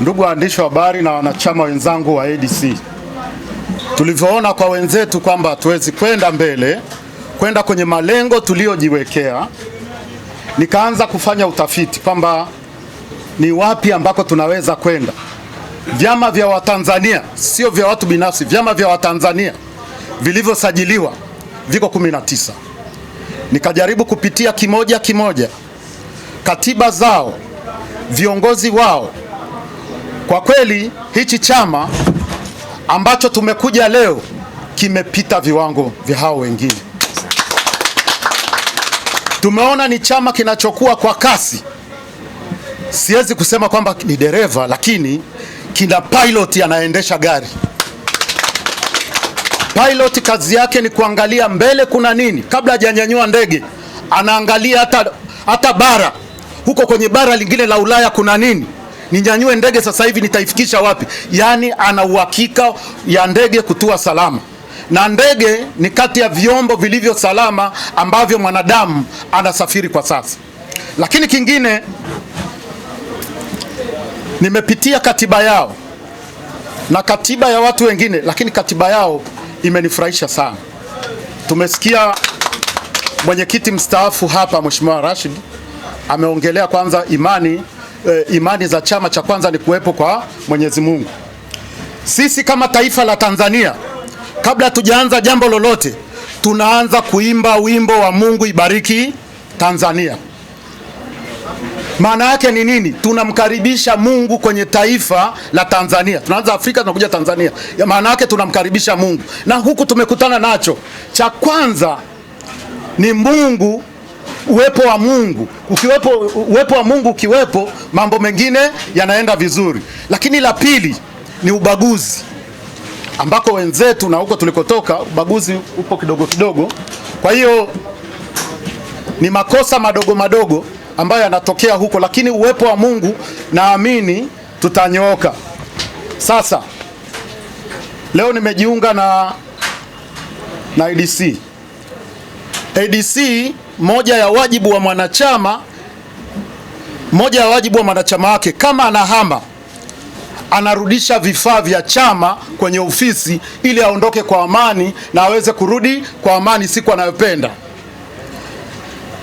Ndugu waandishi wa habari na wanachama wenzangu wa ADC, tulivyoona kwa wenzetu kwamba hatuwezi kwenda mbele kwenda kwenye malengo tuliyojiwekea, nikaanza kufanya utafiti kwamba ni wapi ambako tunaweza kwenda. Vyama vya Watanzania, sio vya watu binafsi, vyama vya Watanzania vilivyosajiliwa viko 19. Nikajaribu kupitia kimoja kimoja, katiba zao, viongozi wao kwa kweli hichi chama ambacho tumekuja leo kimepita viwango vya hao wengine. Tumeona ni chama kinachokuwa kwa kasi. Siwezi kusema kwamba ni dereva, lakini kina pilot anaendesha gari. Pilot kazi yake ni kuangalia mbele kuna nini, kabla hajanyanyua ndege anaangalia hata, hata bara huko kwenye bara lingine la Ulaya kuna nini ninyanyue ndege sasa hivi nitaifikisha wapi? Yaani ana uhakika ya ndege kutua salama, na ndege ni kati ya vyombo vilivyo salama ambavyo mwanadamu anasafiri kwa sasa. Lakini kingine, nimepitia katiba yao na katiba ya watu wengine, lakini katiba yao imenifurahisha sana. Tumesikia mwenyekiti mstaafu hapa Mheshimiwa Rashid ameongelea kwanza imani eh, imani za chama cha kwanza ni kuwepo kwa Mwenyezi Mungu. Sisi kama taifa la Tanzania, kabla tujaanza jambo lolote, tunaanza kuimba wimbo wa Mungu ibariki Tanzania. Maana yake ni nini? Tunamkaribisha Mungu kwenye taifa la Tanzania. Tunaanza Afrika, tunakuja Tanzania. Ya maana yake tunamkaribisha Mungu, na huku tumekutana nacho, cha kwanza ni Mungu uwepo wa Mungu ukiwepo, uwepo wa Mungu ukiwepo, mambo mengine yanaenda vizuri. Lakini la pili ni ubaguzi, ambako wenzetu na huko tulikotoka ubaguzi upo kidogo kidogo. Kwa hiyo ni makosa madogo madogo ambayo yanatokea huko, lakini uwepo wa Mungu naamini tutanyooka. Sasa leo nimejiunga na na ADC ADC moja ya wajibu wa mwanachama moja ya wajibu wa mwanachama wake kama anahama anarudisha vifaa vya chama kwenye ofisi ili aondoke kwa amani na aweze kurudi kwa amani siku anayopenda.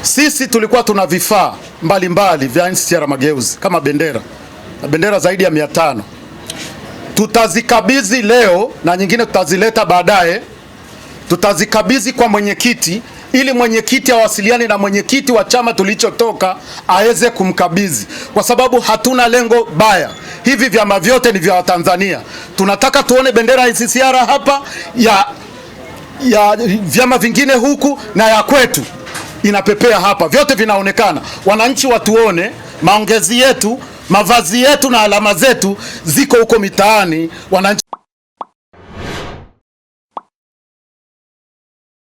Sisi tulikuwa tuna vifaa mbalimbali vya NCCR Mageuzi kama bendera na bendera zaidi ya mia tano tutazikabidhi leo na nyingine tutazileta baadaye, tutazikabidhi kwa mwenyekiti ili mwenyekiti awasiliane na mwenyekiti wa chama tulichotoka aweze kumkabidhi, kwa sababu hatuna lengo baya. Hivi vyama vyote ni vya Watanzania. Tunataka tuone bendera ya CCR hapa ya, ya vyama vingine huku na ya kwetu inapepea hapa, vyote vinaonekana. Wananchi watuone, maongezi yetu, mavazi yetu na alama zetu ziko huko mitaani wananchi